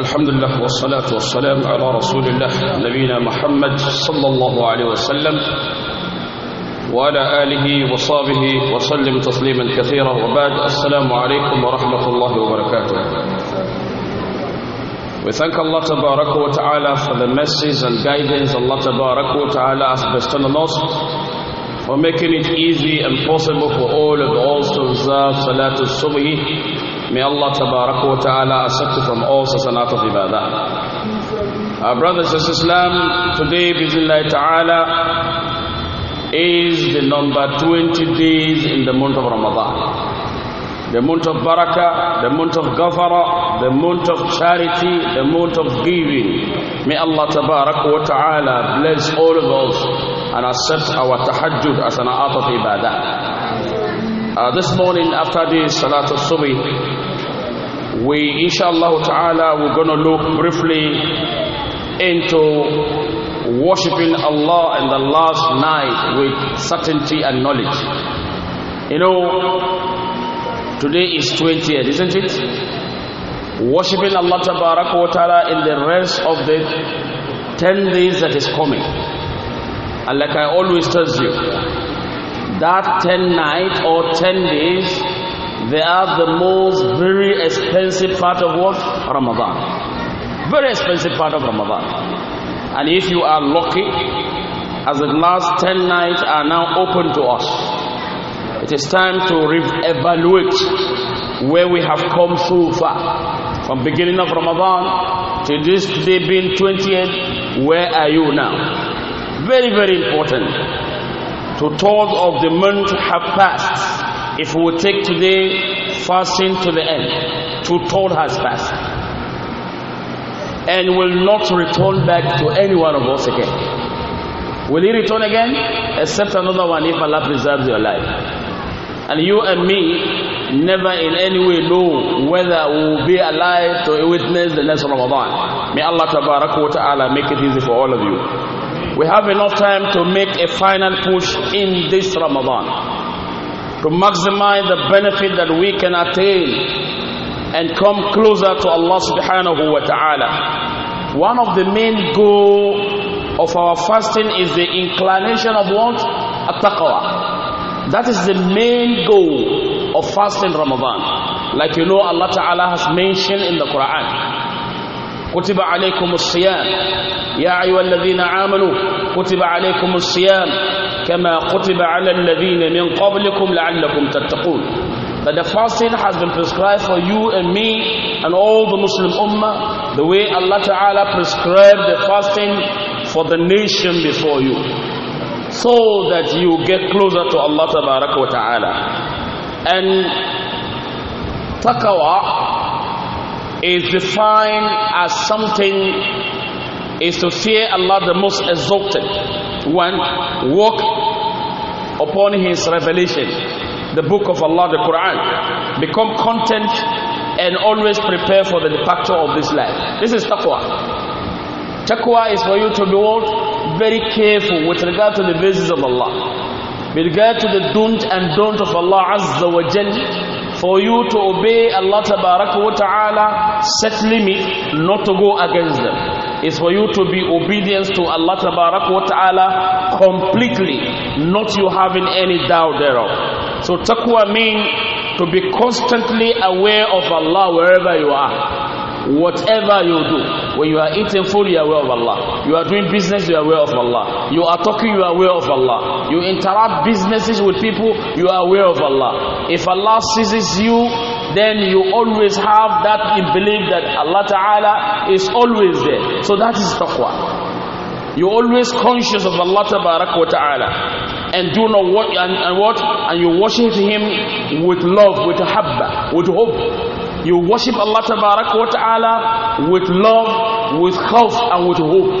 الحمد لله والصلاة والسلام على رسول الله نبينا محمد صلى الله عليه وسلم وعلى آله وصحبه وسلم تسليما كثيرا وبعد السلام عليكم ورحمة الله وبركاته We thank Allah Tabaraka wa Ta'ala for the mercies and guidance Allah Tabaraka wa Ta'ala has bestowed on us for making it easy and possible for all of us to observe Salatul Subhi May Allah wa ta'ala accept from all sasanat of ibadah. Our brothers and Islam, today, bismillah ta'ala, is the number 20 days in the month of Ramadan. The month of barakah, the month of ghafara, the month of charity, the month of giving. May Allah wa ta'ala bless all of us and accept our tahajjud as an art of ibadah. Uh, this morning after the Salat al-Subih, we inshallah ta'ala we're going to look briefly into worshiping Allah in the last night with certainty and knowledge you know today is 20th isn't it worshiping Allah ta'ala in the rest of the 10 days that is coming and like I always tell you that 10 night or 10 days they are the most very expensive part of what? Ramadan. Very expensive part of Ramadan. And if you are lucky, as the last 10 nights are now open to us, it is time to re-evaluate where we have come so far. From beginning of Ramadan to this day being 28, where are you now? Very, very important. Two thirds of the month have passed if we will take today fasting to the end, to told has passed, and will not return back to any one of us again. Will he return again? Except another one if Allah preserves your life. And you and me never in any way know whether we will be alive to witness the next Ramadan. May Allah Ta'ala make it easy for all of you. We have enough time to make a final push in this Ramadan to maximize the benefit that we can attain and come closer to Allah subhanahu wa ta'ala. One of the main goal of our fasting is the inclination of what? At-taqwa. That is the main goal of fasting Ramadan. Like you know Allah Ta'ala has mentioned in the Quran. كتب عليكم الصيام يا أيها الذين آمنوا كتب عليكم الصيام كما كتب على الذين من قبلكم لعلكم تتقون that the fasting has been prescribed for you and me and all the Muslim Ummah the way Allah Ta'ala prescribed the fasting for the nation before you so that you get closer to Allah Ta'ala and taqwa is defined as something is to fear Allah the most exalted one walk upon his revelation, the book of Allah, the Quran. Become content and always prepare for the departure of this life. This is taqwa. Taqwa is for you to be what? Very careful with regard to the verses of Allah. With regard to the don't and don't of Allah Azza wa Jalla for you to obey Allah wa Ta'ala, set limit not to go against them. It's for you to be obedient to Allah wa Ta'ala completely, not you having any doubt thereof. So taqwa means to be constantly aware of Allah wherever you are. Whatever you do, when you are eating food, you are aware of Allah. You are doing business, you are aware of Allah. You are talking, you are aware of Allah. You interact businesses with people, you are aware of Allah. If Allah seizes you, then you always have that in belief that Allah Ta'ala is always there. So that is taqwa. You're always conscious of Allah Ta'ala and do not what and, and what and you worship him with love, with habba, with hope. You worship Allah Ta'ala with love, with hope, and with hope.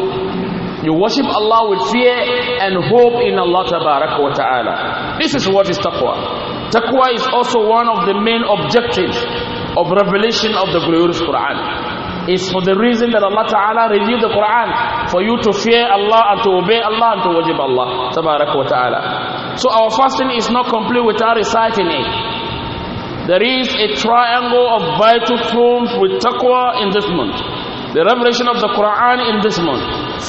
You worship Allah with fear and hope in Allah Ta'ala. This is what is taqwa. Taqwa is also one of the main objectives of revelation of the glorious Quran. It's for the reason that Allah Ta'ala revealed the Quran for you to fear Allah and to obey Allah and to worship Allah Ta'ala. So our fasting is not complete without reciting it. There is a triangle of vital truths with taqwa in this month. The revelation of the Quran in this month.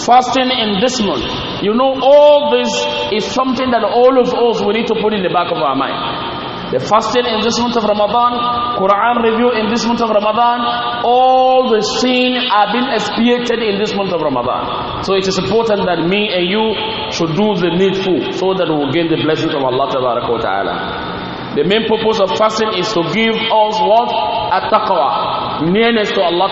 Fasting in this month. You know, all this is something that all of us we need to put in the back of our mind. The fasting in this month of Ramadan, Quran review in this month of Ramadan, all the sin are being expiated in this month of Ramadan. So it is important that me and you should do the needful so that we will gain the blessings of Allah Ta'ala. The main purpose of fasting is to give us what? At taqwa. Nearness to Allah wa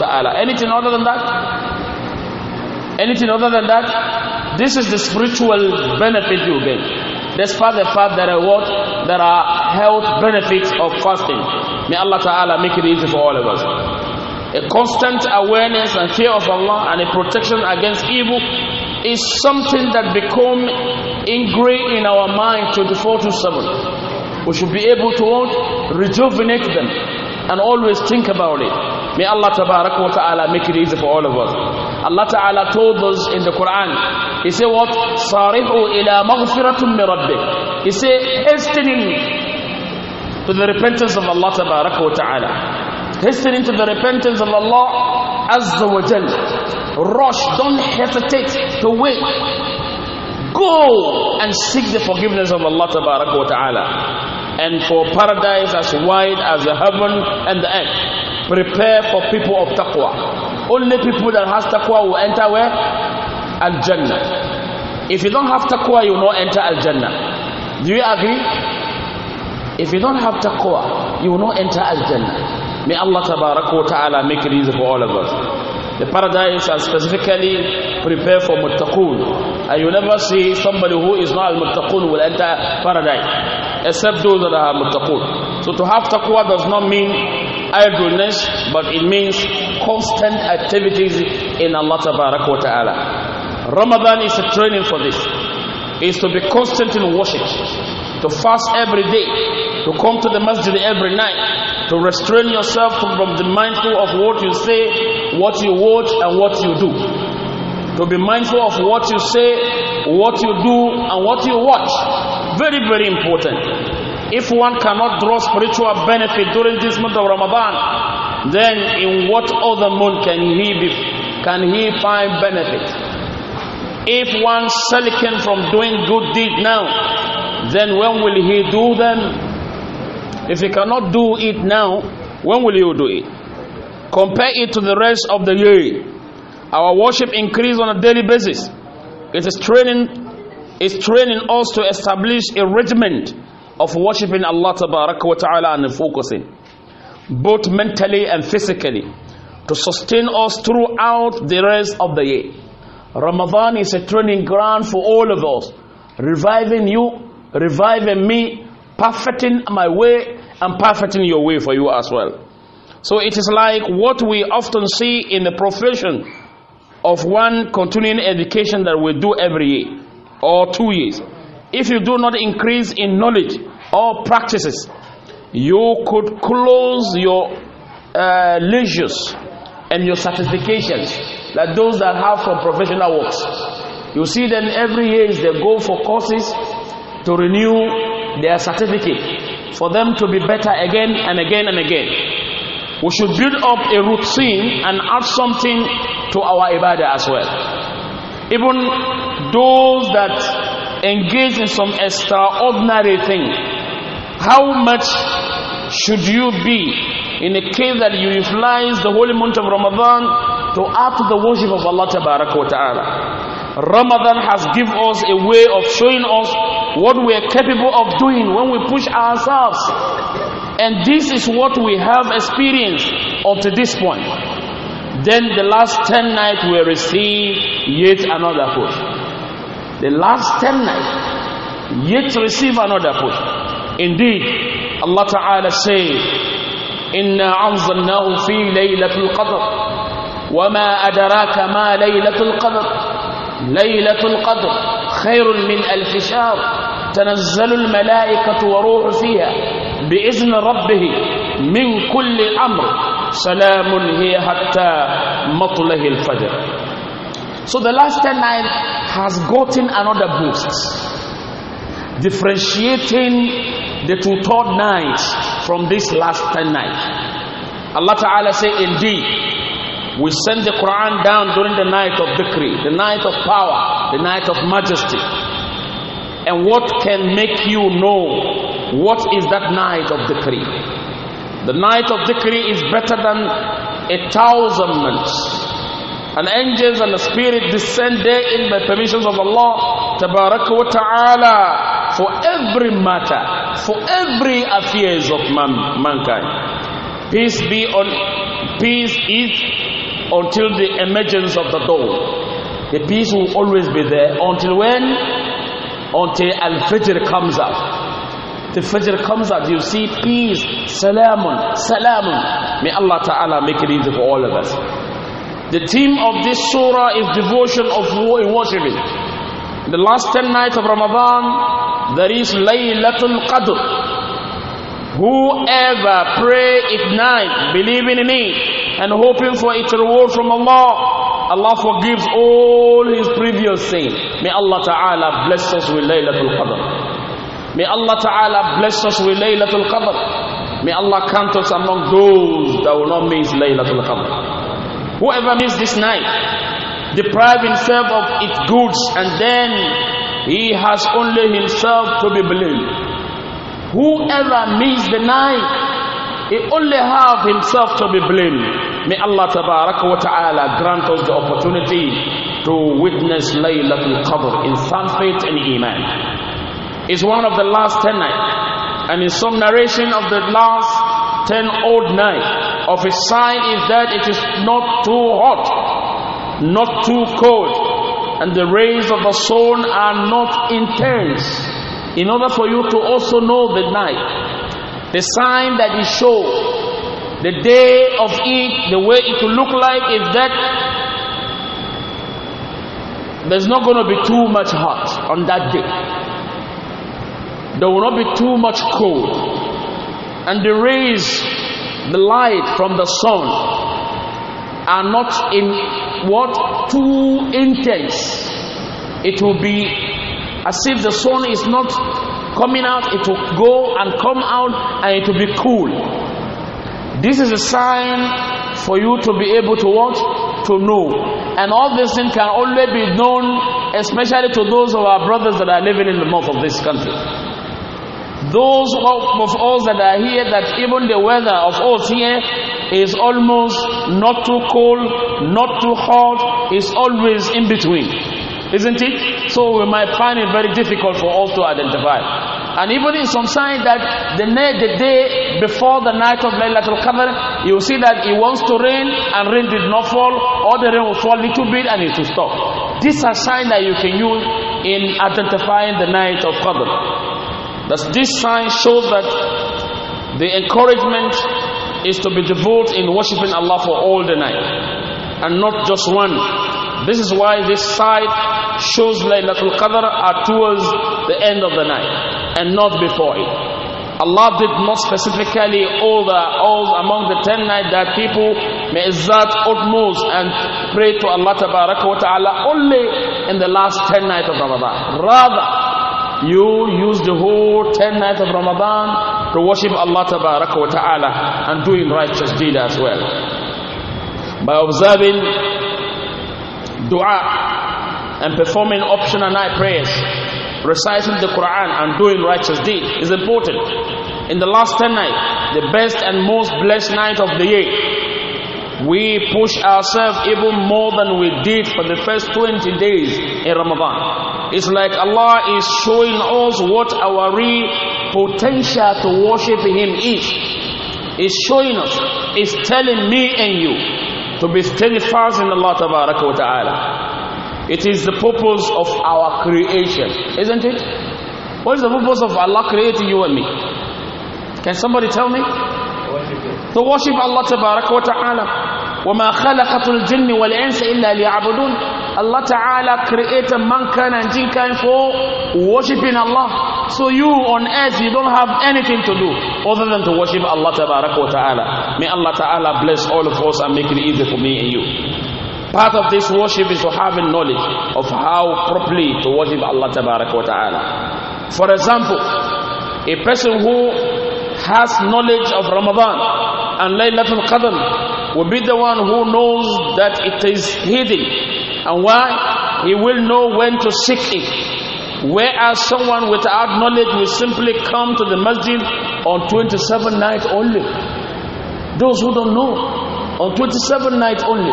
ta'ala. Anything other than that? Anything other than that? This is the spiritual benefit you get. Despite the fact that are what? There are health benefits of fasting. May Allah Ta'ala make it easy for all of us. A constant awareness and fear of Allah and a protection against evil is something that become ingrained in our mind 24 to 7 we should be able to rejuvenate them and always think about it. May Allah wa ta'ala make it easy for all of us. Allah ta'ala told us in the Quran, He said what? صَارِحُوا ila مَغْفِرَةٌ مِّن He said, hastening to the repentance of Allah wa ta'ala. Hastening to the repentance of Allah Azza wa Jal. Rush, don't hesitate to wait. Go and seek the forgiveness of Allah wa ta'ala and for paradise as wide as the heaven and the earth. Prepare for people of taqwa. Only people that has taqwa will enter where? Al Jannah. If you don't have taqwa, you will not enter Al Jannah. Do you agree? If you don't have taqwa, you will not enter Al Jannah. May Allah Ta'ala make it easy for all of us. The paradise are specifically prepared for muttaqun. And you never see somebody who is not al-muttaqun will enter paradise except those that are muttaqun. So to have taqwa does not mean idleness, but it means constant activities in Allah wa ta'ala. Ramadan is a training for this. Is to be constant in worship, to fast every day, to come to the masjid every night, to restrain yourself from the mindful of what you say, what you watch, and what you do. To be mindful of what you say, what you do, and what you watch very, very important. If one cannot draw spiritual benefit during this month of Ramadan, then in what other month can he be, can he find benefit? If one silicon from doing good deed now, then when will he do them? If he cannot do it now, when will you do it? Compare it to the rest of the year. Our worship increase on a daily basis. It is training is training us to establish a regiment of worshiping Allah wa ta'ala and focusing both mentally and physically to sustain us throughout the rest of the year. Ramadan is a training ground for all of us, reviving you, reviving me, perfecting my way, and perfecting your way for you as well. So it is like what we often see in the profession of one continuing education that we do every year or two years, if you do not increase in knowledge or practices, you could close your uh, leisures and your certifications, like those that have from professional works. You see them every year they go for courses to renew their certificate, for them to be better again and again and again. We should build up a routine and add something to our ibadah as well. Even those that engage in some extraordinary thing, how much should you be in a case that you utilize the holy month of Ramadan to add to the worship of Allah Ta'ala? Ramadan has given us a way of showing us what we are capable of doing when we push ourselves. And this is what we have experienced up to this point. Then the last 10 nights we receive yet another push. The last ten night, yet receive another push. Indeed, Allah Ta'ala said, إِنَّا أَنزَلْنَاهُ فِي لَيْلَةِ الْقَدْرِ وَمَا أَدَرَاكَ مَا لَيْلَةُ الْقَدْرِ لَيْلَةُ الْقَدْرِ خير من ألف شهر تنزل الملائكة وروح فيها بإذن ربه من كل أمر سلام هي حتى مطلع الفجر So the last 10 night has gotten another boost, differentiating the two third night from this last 10 night. Allah Ta'ala say, Indeed, we send the Quran down during the night of decree, the night of power, the night of majesty. And what can make you know what is that night of decree? The night of decree is better than a thousand months and angels and the spirit descend therein by permissions of Allah wa ta'ala for every matter for every affairs of man, mankind peace be on peace is until the emergence of the dawn the peace will always be there until when until al-fajr comes out the fajr comes out you see peace salamun salamun may Allah ta'ala make it easy for all of us the theme of this surah is devotion of in worshiping. The last 10 nights of Ramadan, there is Laylatul Qadr. Whoever pray at night, believing in it and hoping for its reward from Allah, Allah forgives all his previous sin. May Allah Ta'ala bless us with Laylatul Qadr. May Allah Ta'ala bless us with Laylatul Qadr. May Allah count us among those that will not miss Laylatul Qadr. Whoever missed this night, deprive himself of its goods, and then he has only himself to be blamed. Whoever missed the night, he only have himself to be blamed. May Allah wa ta'ala grant us the opportunity to witness Laylatul Qadr in some faith and Iman. It's one of the last ten nights, and in some narration of the last ten old nights of a sign is that it is not too hot, not too cold, and the rays of the sun are not intense. In order for you to also know the night, the sign that it shows, the day of it, the way it will look like is that there's not going to be too much hot on that day. There will not be too much cold. And the rays the light from the sun are not in what too intense it will be as if the sun is not coming out it will go and come out and it will be cool this is a sign for you to be able to what to know and all these things can only be known especially to those of our brothers that are living in the north of this country those of us that are here, that even the weather of us here is almost not too cold, not too hot, is always in between. Isn't it? So we might find it very difficult for us to identify. And even in some sign that the, the day before the night of Laylatul Qadr, you see that it wants to rain and rain did not fall, or the rain will fall a little bit and it will stop. These are signs that you can use in identifying the night of Qadr. Thus, this sign shows that the encouragement is to be devoted in worshiping Allah for all the night and not just one. This is why this side shows Laylatul Qadr are towards the end of the night and not before it. Allah did not specifically order all among the ten nights that people may exert utmost and pray to Allah Ta'ala only in the last ten nights of Ramadan. Rather, you use the whole 10 nights of Ramadan to worship Allah wa ta'ala and doing righteous deed as well. By observing dua and performing optional night prayers, reciting the Quran and doing righteous deed is important. In the last 10 nights, the best and most blessed night of the year, we push ourselves even more than we did for the first 20 days in Ramadan. It's like Allah is showing us what our real potential to worship Him is. It's showing us, it's telling me and you to be steadfast in Allah of ta'ala. It is the purpose of our creation, isn't it? What is the purpose of Allah creating you and me? Can somebody tell me? To worship Allah ta'ala. وما خلقت الجن والإنس إلا ليعبدون Allah Ta'ala created mankind and jinkind for worshipping Allah. So you on earth, you don't have anything to do other than to worship Allah Ta'ala. May Allah Ta'ala bless all of us and make it easy for me and you. Part of this worship is to have a knowledge of how properly to worship Allah Ta'ala. For example, a person who has knowledge of Ramadan and Laylatul Qadr will be the one who knows that it is hidden and why? He will know when to seek it. Whereas someone without knowledge will simply come to the masjid on 27 night only. Those who don't know, on 27 night only.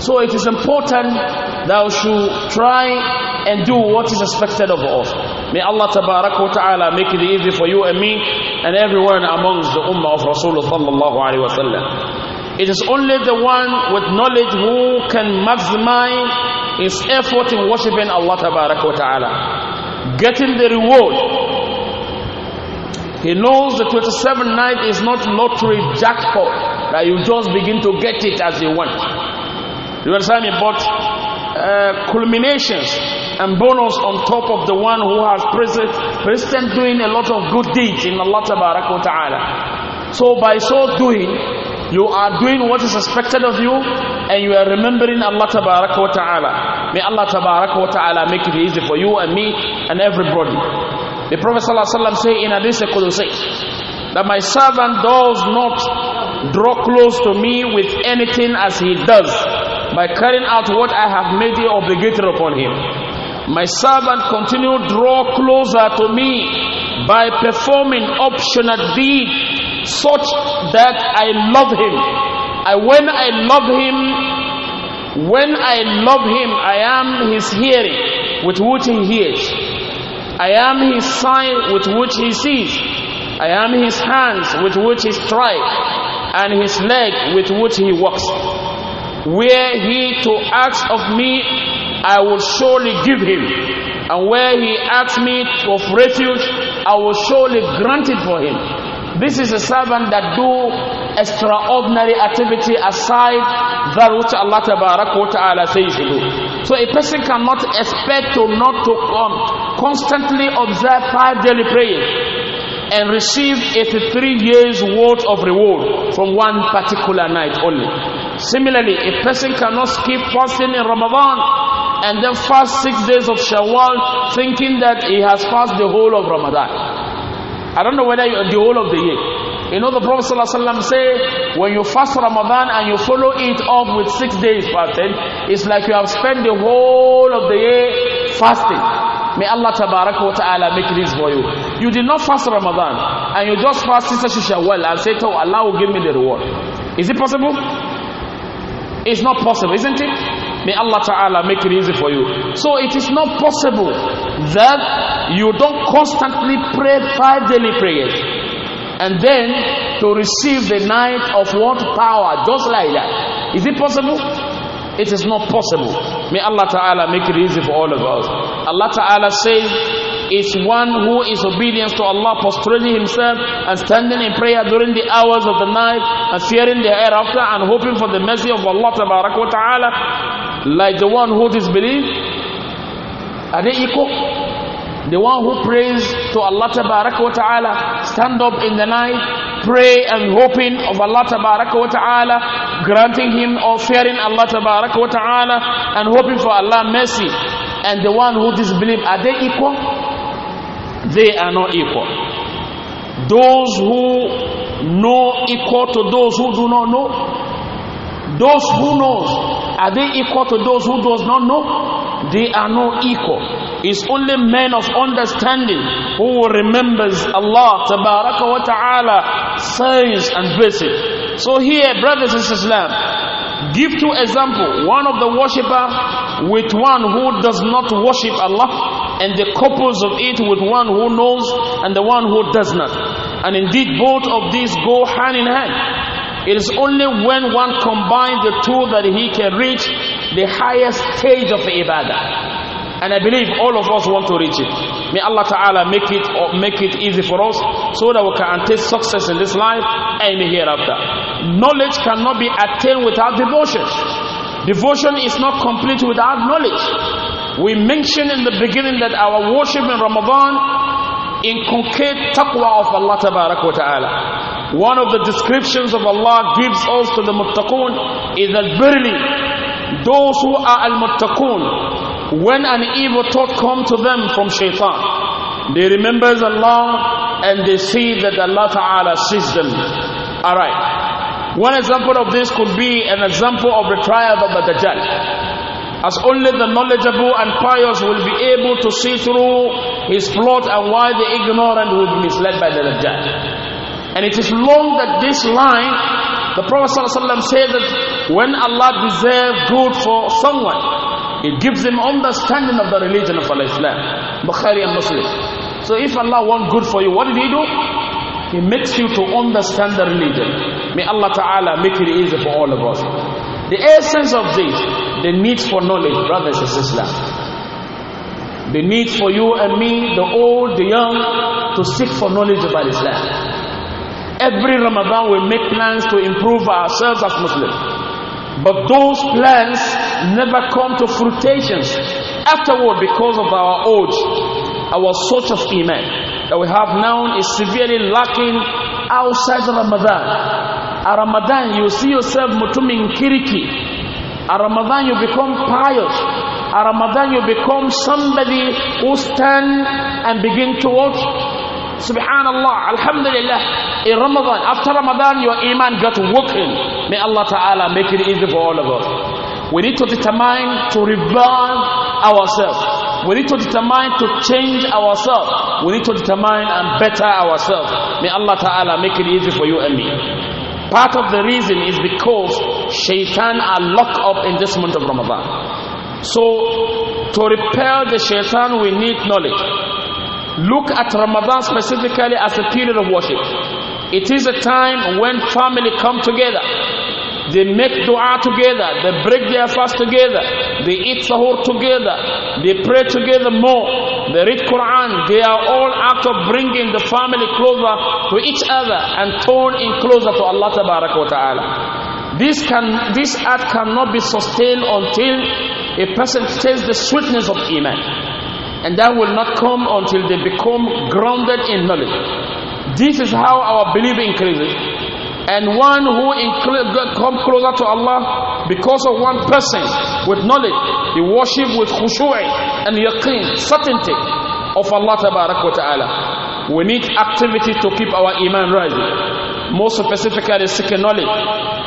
So it is important that we should try and do what is expected of us. May Allah Ta'ala make it easy for you and me and everyone amongst the ummah of Rasulullah sallallahu alaihi wasallam. It is only the one with knowledge who can maximize his effort in worshiping Allah Ta'ala. Getting the reward. He knows the 27 night is not lottery jackpot that you just begin to get it as you want. You understand me? But uh, culminations and bonus on top of the one who has present doing a lot of good deeds in Allah Ta'ala. So by so doing, you are doing what is expected of you and you are remembering Allah Tabaraka wa Ta'ala. May Allah Tabaraka wa Ta'ala make it easy for you and me and everybody. The Prophet ﷺ say in Hadith Qudusi that my servant does not draw close to me with anything as he does by carrying out what I have made it obligated upon him. My servant continue draw closer to me by performing optional deed such that I love him. And when I love him, when I love him, I am his hearing with which he hears. I am his sign with which he sees. I am his hands with which he strikes, and his leg with which he walks. Where he to ask of me, I will surely give him. And where he asks me of refuge, I will surely grant it for him. This is a servant that do extraordinary activity aside that which Allah Ta'ala says to do. So a person cannot expect to not to um, constantly observe five daily prayers and receive 83 years worth of reward from one particular night only. Similarly, a person cannot skip fasting in Ramadan and then fast six days of Shawwal thinking that he has fasted the whole of Ramadan. I don't know whether you, the whole of the year. You know, the Prophet ﷺ say, when you fast Ramadan and you follow it up with six days fasting, it's like you have spent the whole of the year fasting. May Allah wa ta'ala make this for you. You did not fast Ramadan and you just fast Sister well and say, to Allah will give me the reward. Is it possible? It's not possible, isn't it? May Allah Ta'ala make it easy for you. So it is not possible that you don't constantly pray five daily prayers and then to receive the night of what power just like that. Is it possible? It is not possible. May Allah Ta'ala make it easy for all of us. Allah Ta'ala says, is one who is obedient to Allah, prostrating himself and standing in prayer during the hours of the night and fearing the hereafter and hoping for the mercy of Allah Ta'ala like the one who disbelieves? Are they equal? The one who prays to Allah Ta'ala, stand up in the night, pray and hoping of Allah Ta'ala, granting him or fearing Allah Ta'ala, and hoping for Allah mercy. And the one who disbelieves, are they equal? They are not equal. Those who know equal to those who do not know, those who knows, are they equal to those who does not know? They are not equal. It's only men of understanding who remembers Allah wa ta'ala says and blessing. So here, brothers and sisters, give two example. One of the worshipper with one who does not worship Allah and the couples of it with one who knows and the one who does not. And indeed both of these go hand in hand. It is only when one combines the two that he can reach the highest stage of ibadah. And I believe all of us want to reach it. May Allah Ta'ala make it or uh, make it easy for us so that we can taste success in this life and hereafter. Knowledge cannot be attained without devotion. Devotion is not complete without knowledge. We mentioned in the beginning that our worship in Ramadan inculcate taqwa of Allah Ta'ala. One of the descriptions of Allah gives us to the muttaqun is that verily those who are al-muttaqun when an evil thought comes to them from shaitan they remember Allah and they see that Allah Ta'ala sees them. Alright. One example of this could be an example of the trial of the Dajjal as only the knowledgeable and pious will be able to see through his plot and why the ignorant will be misled by the Dajjal. And it is long that this line, the Prophet ﷺ said that when Allah deserves good for someone, it gives him understanding of the religion of Islam, Bukhari and Muslim. So if Allah wants good for you, what did He do? He makes you to understand the religion. May Allah Ta'ala make it easy for all of us. The essence of this, the need for knowledge, brothers and sisters. The need for you and me, the old, the young, to seek for knowledge about Islam every Ramadan we make plans to improve ourselves as Muslims. But those plans never come to fruition afterward because of our age, our sort of Iman that we have now is severely lacking outside Ramadan. A Ramadan, you see yourself mutuming kiriki. A Ramadan, you become pious. A Ramadan, you become somebody who stand and begin to watch Subhanallah, Alhamdulillah, in Ramadan, after Ramadan, your iman got woken. May Allah Ta'ala make it easy for all of us. We need to determine to revive ourselves. We need to determine to change ourselves. We need to determine and better ourselves. May Allah Ta'ala make it easy for you and me. Part of the reason is because shaitan are locked up in this month of Ramadan. So, to repel the shaitan, we need knowledge look at Ramadan specifically as a period of worship. It is a time when family come together. They make dua together. They break their fast together. They eat sahur together. They pray together more. They read Quran. They are all out of bringing the family closer to each other and torn in closer to Allah Ta'ala. This, can, this act cannot be sustained until a person tastes the sweetness of Iman. And that will not come until they become grounded in knowledge. This is how our belief increases. And one who come closer to Allah because of one person with knowledge, he worship with khushu' and yaqeen, certainty of Allah Ta'ala. We need activity to keep our iman rising. Most specifically, seeking knowledge,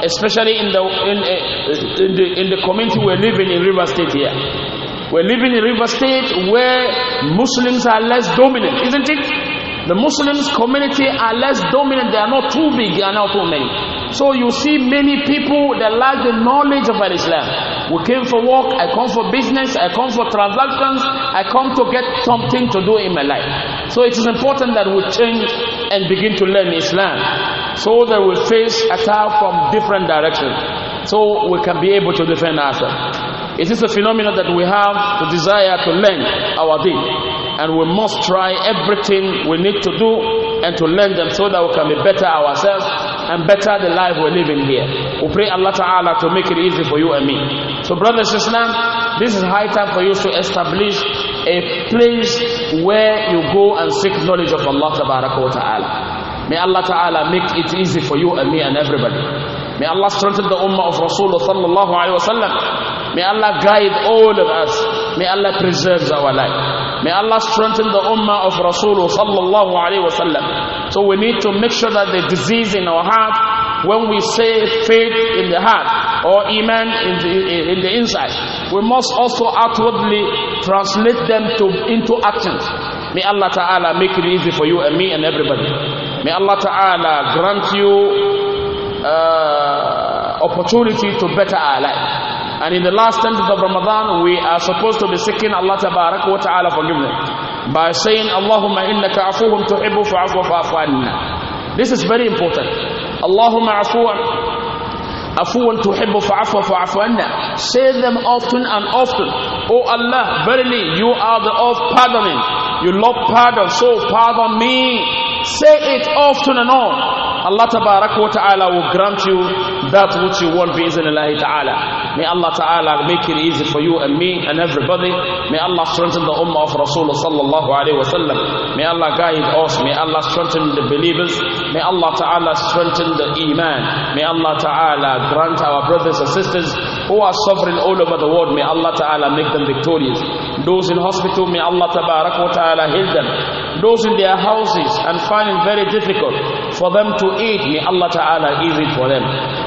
especially in the, in, eh, in the, in the community we're living in River State here. We're living in a river state where Muslims are less dominant, isn't it? The Muslims community are less dominant. They are not too big, they are not too many. So you see many people that lack the knowledge of Islam. We came for work, I come for business, I come for transactions, I come to get something to do in my life. So it is important that we change and begin to learn Islam so that we face attack from different directions so we can be able to defend ourselves. It is a phenomenon that we have the desire to learn our deen. And we must try everything we need to do and to learn them so that we can be better ourselves and better the life we're living here. We pray Allah Ta'ala to make it easy for you and me. So, brothers and sisters, this is high time for you to establish a place where you go and seek knowledge of Allah Ta'ala. May Allah Ta'ala make it easy for you and me and everybody. May Allah strengthen the ummah of Rasulullah sallallahu Alaihi Wasallam. May Allah guide all of us. May Allah preserve our life. May Allah strengthen the ummah of Rasulullah sallallahu alaihi wasallam. So we need to make sure that the disease in our heart, when we say faith in the heart or iman in the, in the inside, we must also outwardly translate them to, into actions. May Allah Ta'ala make it easy for you and me and everybody. May Allah Ta'ala grant you uh, opportunity to better our life. And in the last 10th of Ramadan, we are supposed to be seeking Allah wa ta'ala forgiveness by saying, Allahumma innaka afuhum tuhibbu fa'afu fa'afu anna. This is very important. Allahumma afuhum afuwan tuhibbu fa'afu fa'afu anna say them often and often oh allah verily you are the of pardoning you love pardon so pardon me say it often and often. Allah Ta'ala will grant you that which you want bi'iznillah ta'ala. May Allah Ta'ala make it easy for you and me and everybody. May Allah strengthen the ummah of Rasulullah sallallahu alayhi wasallam. May Allah guide us. May Allah strengthen the believers. May Allah Ta'ala strengthen the iman. May Allah Ta'ala grant our brothers and sisters who are suffering all over the world. May Allah Ta'ala make them victorious. Those in hospital, may Allah Ta'ala heal them those in their houses and find it very difficult for them to eat. May Allah Ta'ala it for them.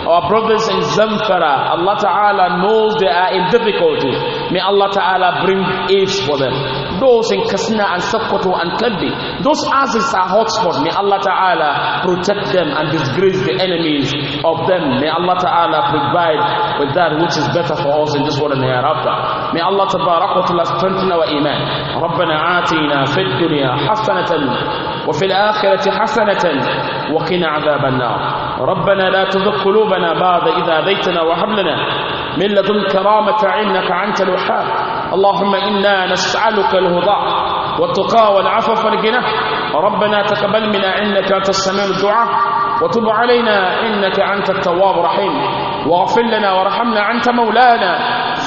Our brothers in Zamfara, Allah Ta'ala knows they are in difficulty. May Allah Ta'ala bring ease for them those in Kasna and Sokoto and Kalbi. Those houses are hotspots. May Allah Ta'ala protect them and disgrace the enemies of them. May Allah Ta'ala provide with that which is better for us in this world and hereafter. May Allah Ta'ala strengthen our iman. ربنا آتِينَا في الدنيا حسنة وفي الآخرة حسنة وقنا عذاب النار ربنا لا تذق قلوبنا بعد إذا هديتنا وهب لنا من لدنك رامة إنك أنت الوهاب اللهم إنا نسألك الهدى والتقى والعفو والغنى ربنا تقبل منا إنك أنت السميع الدعاء وتب علينا إنك أنت التواب الرحيم واغفر لنا وارحمنا أنت مولانا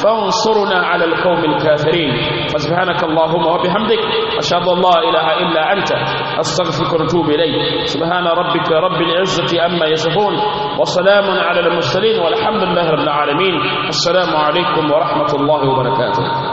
فانصرنا على القوم الكافرين فسبحانك اللهم وبحمدك أشهد أن لا إله إلا أنت أستغفرك وأتوب إليك سبحان ربك رب العزة أما يصفون وسلام على المرسلين والحمد لله رب العالمين السلام عليكم ورحمة الله وبركاته